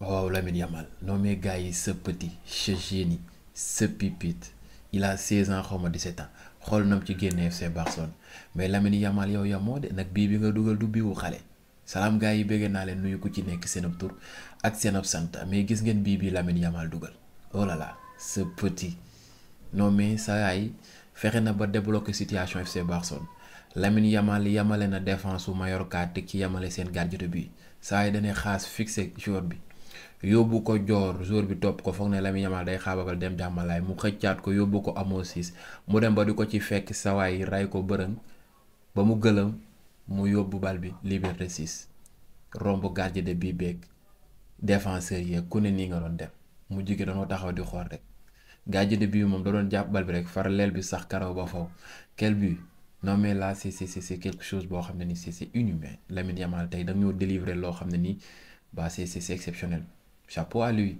waaw oh, lamin Yamal nommé gars yi ce petit ce génie ce pipite il a 16 ans xool nam ci génne FC Barcelone mais Lamine Yamal yow yamoo de nag bii bi nga dugal du biiwu xale salaam gars yi bëggee naa leen nuyu ku ci nekk seen ab ak seen ab mais gis ngeen bii bi Lamine Yamal dugal oh là là ce petit nommé fexe na ba débloquer situation FC Barcelone Lamine Yamal yamale na défense su Mallorca te ki yamale seen gardien bi saa danay dañuy xaas fixé joueur bi. yóbbu ko joor jour bi topp ko foog ne Lamine Yamal day xaabaabal dem jàmmalaay mu xëccaat ko yóbbu ko amoo siis mu dem ba di ko ci fekk sawaay ray ko bërën ba mu gëlëm mu yóbbu bal bi liberté 6 romb gardien bi bii beeg défenseur yeeg ku ne nii nga doon dem mu jigéen dañoo taxaw di xool rek gardien de bii moom da doon jàpp bal bi rek far leel bi sax karaw ba faw quel but non mais là c'est c'est quelque chose boo xam ne nii c'est inhumain Lamine Yamal tey da ñoo délivrer loo xam ne nii ba c'est c'est exceptionnel. chapeau à lui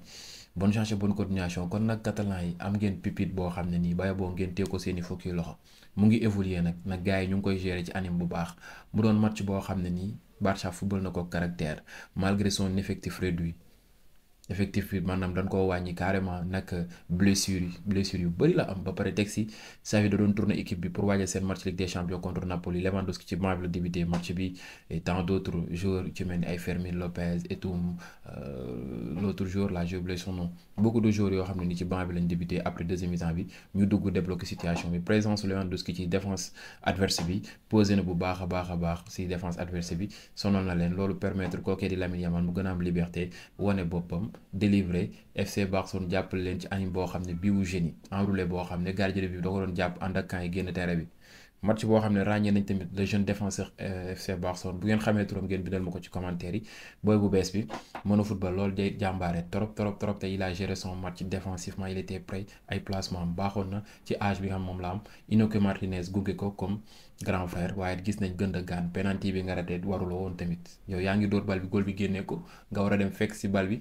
bonne chance bonne coordination kon nag catalan yi am ngeen pipit boo xam ne nii bàyyi boo ngeen ko seeni i fukki loxo mu ngi évoluer nag nag gars yi ñu ngi koy gérer ci anime bu baax mu doon match boo xam ne nii barcha football na ko caractère malgré son effectif réduit. effectif bi maanaam dañ koo wàññi carrément nag blessure yu bëri la am ba pare teg si Xavi da doon tourner équipe bi pour waajal seen match Ligue des Champions contre Napoli Lewandowski ci banc bi la débuté match bi et tant d' ci mel ni ay Fermin Lopez Etum euh, l' jour là j'ai oublié son nom beaucoup yoo xam ne ni ci banc bi lañ débuté après deuxième mi-temps bi ñu dugg débloqué situation bi présence Lewandowski ci défense adverse bi posé na bu baax a baax a baax si défense adverse bi sonal na leen loolu permettre kookee di Lamine Yamal mu gën a am boppam. délivré FC Barcelone jàppale leen ci anim boo xam ne bii wu génie enroulé boo xam ne gardien bi da ko doon jàpp ànd ak camp yi génn terrain bi match boo xam ne ràññee nañ tamit le jeune défenseur euh, FC Barcelone bu ngeen xamee turam ngeen bindal ma ko ci commentaire yi booy bu bees bi mën a football loolu day jàmbaare torop trop trop te il a géré son match défensivement il était prêt ay placement am baaxoon na ci âge bi xam moom la am Inoki Martinez gunge ko comme grand frère waaye gis nañ gën a gaan penalty bi nga raté waruloo woon tamit yow yaa ngi dóor bal bi bi génnee ko nga war a fekk si bal bi.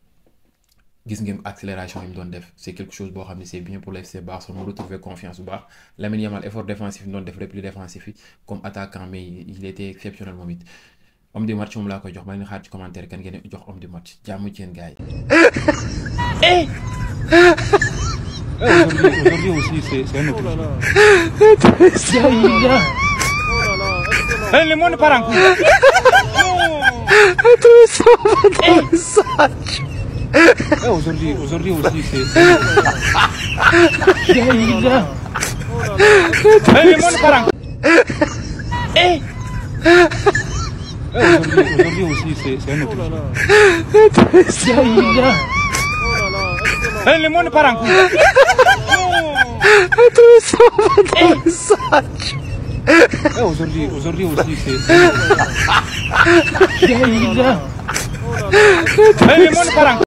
gis ngeen accélération yi mu doon def c' est quelque chose boo xam ne c' est bien pour le FC Barcelone mu retrouver confiance bu baax Lamine Yamal effort défensif yi doon def repli défensif yi comme attaquant mais il était exceptionnel moom it homme du match moom laa koy jox ma leen xaar ci commentaire kan ngeen jox homme du match jàmm ci yéen gars yi. aujourd'hui aussi c'est c'est un autre. Oh eh, le monde part en couille. aujourd'hui, aujourd'hui aussi, c'est. Eh Aujourd'hui aussi, c'est un autre. Le monde part en couille. Tous les sacs. Aujourd'hui, aujourd'hui aussi, c'est. Le monde part en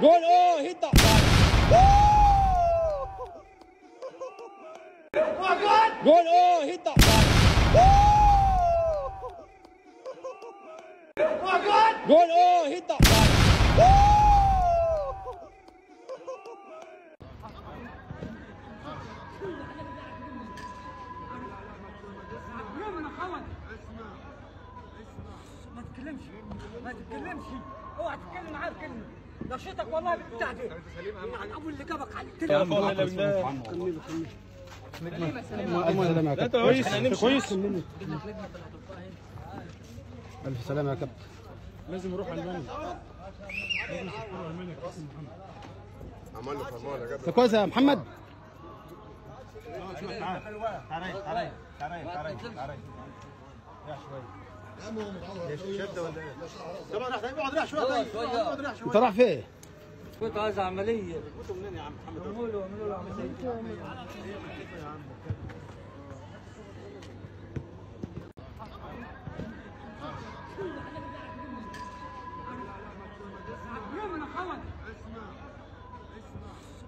Good. Oh, hit that ball. Oh, God. Good. Oh, hit that ball. Oh, God. Good. Oh, hit that ball. ما تتكلمش ما تتكلمش اوعى تتكلم عارف كلمه نشيطك والله بتاع دي يعني ابو اللي جابك عليك يا الله كمله كمله لا كويس كويس الف سلامه يا كابتن لازم نروح على الملك لازم نروح على الملك عمل له فرمان يا كابتن كويس يا محمد تعال تعال تعال تعال تعال يا شويه طبعا راح اقعد راح شويه طيب اقعد راح شويه انت رايح فين؟ كنت عايز عمليه كنت منين يا عم محمد؟ اعملوا له اعملوا له عمليه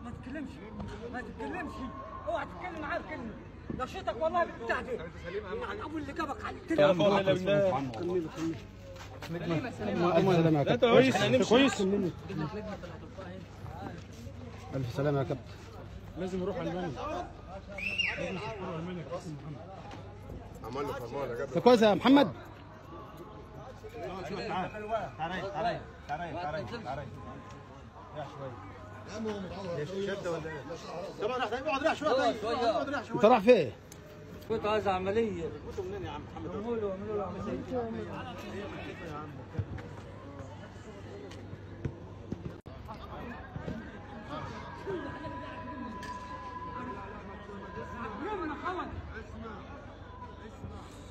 ما تتكلمش ما تتكلمش اوعى تتكلم معاه كلمه نشيطك والله بتاعتي مع الابو اللي جابك على التليفون يا عم والله بالله كملوا كملوا سلامة يا كابتن كويس كويس ألف سلامة يا كابتن لازم نروح ألمانيا لازم نروح ألمانيا كابتن محمد عمل له كويس يا محمد تعال تعال تعال تعال تعال تعال يا شوية طبعا راح اقعد راح شويه اقعد راح شويه انت راح فين؟ كنت عايز عمليه كنتوا منين يا عم محمد؟ اعملوا له اعملوا له عمليه يا عم اسمع اسمع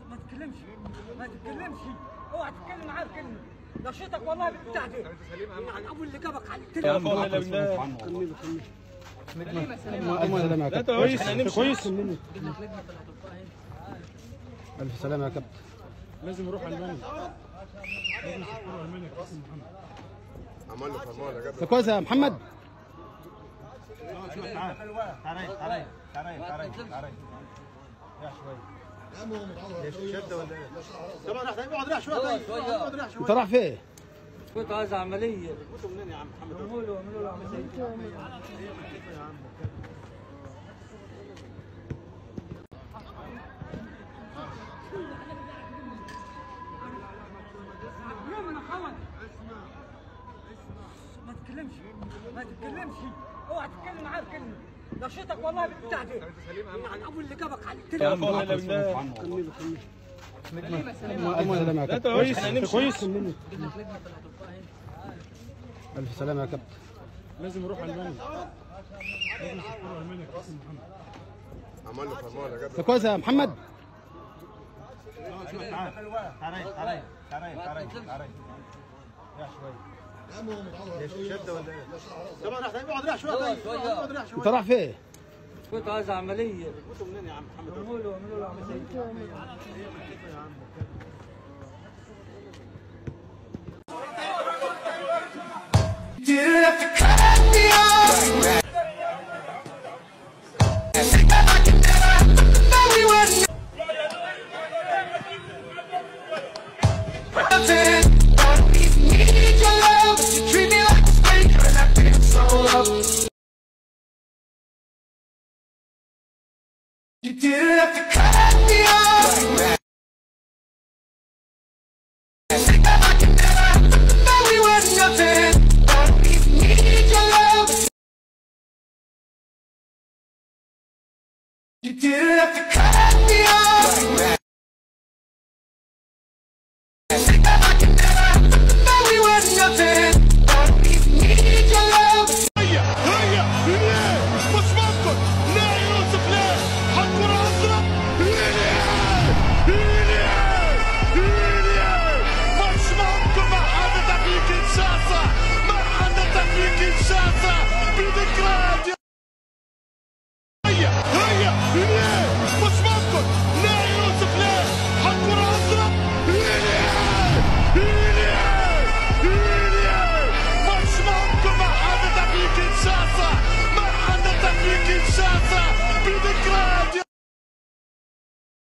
ما تتكلمش ما تتكلمش اوعى تتكلم معاه بكلمه نشيطك والله بتاعتي يعني ابو اللي جابك على يا فضل الله سلامة يا كابتن كويس كويس ألف سلامة يا كابتن لازم نروح ألمانيا لازم نروح ألمانيا كابتن محمد كويس يا محمد تعال تعال تعال تعال تعال يا شوية طبعا راح اقعد راح شويه طيب اقعد راح شويه انت راح فين؟ كنت عايز عمليه كنت منين يا عم محمد؟ اعملوا له اعملوا له عمليه يا عم ما تتكلمش ما تتكلمش اوعى تتكلم معاه كلمه نشيطك والله بتاع دي يعني ابو اللي جابك على التليفون كمله كمله لا كويس كويس الف سلامه يا كابتن لازم نروح على الملك لازم نروح على الملك عملنا فرمان يا كابتن كويس يا محمد تعالى تعالى تعالى تعالى تعالى يا شويه طبعا راح اقعد راح شويه طيب اقعد راح شويه انت راح فين؟ كنت عايز عمليه كنت منين يا عم محمد؟ اعملوا له اعملوا له عمليه didn't have to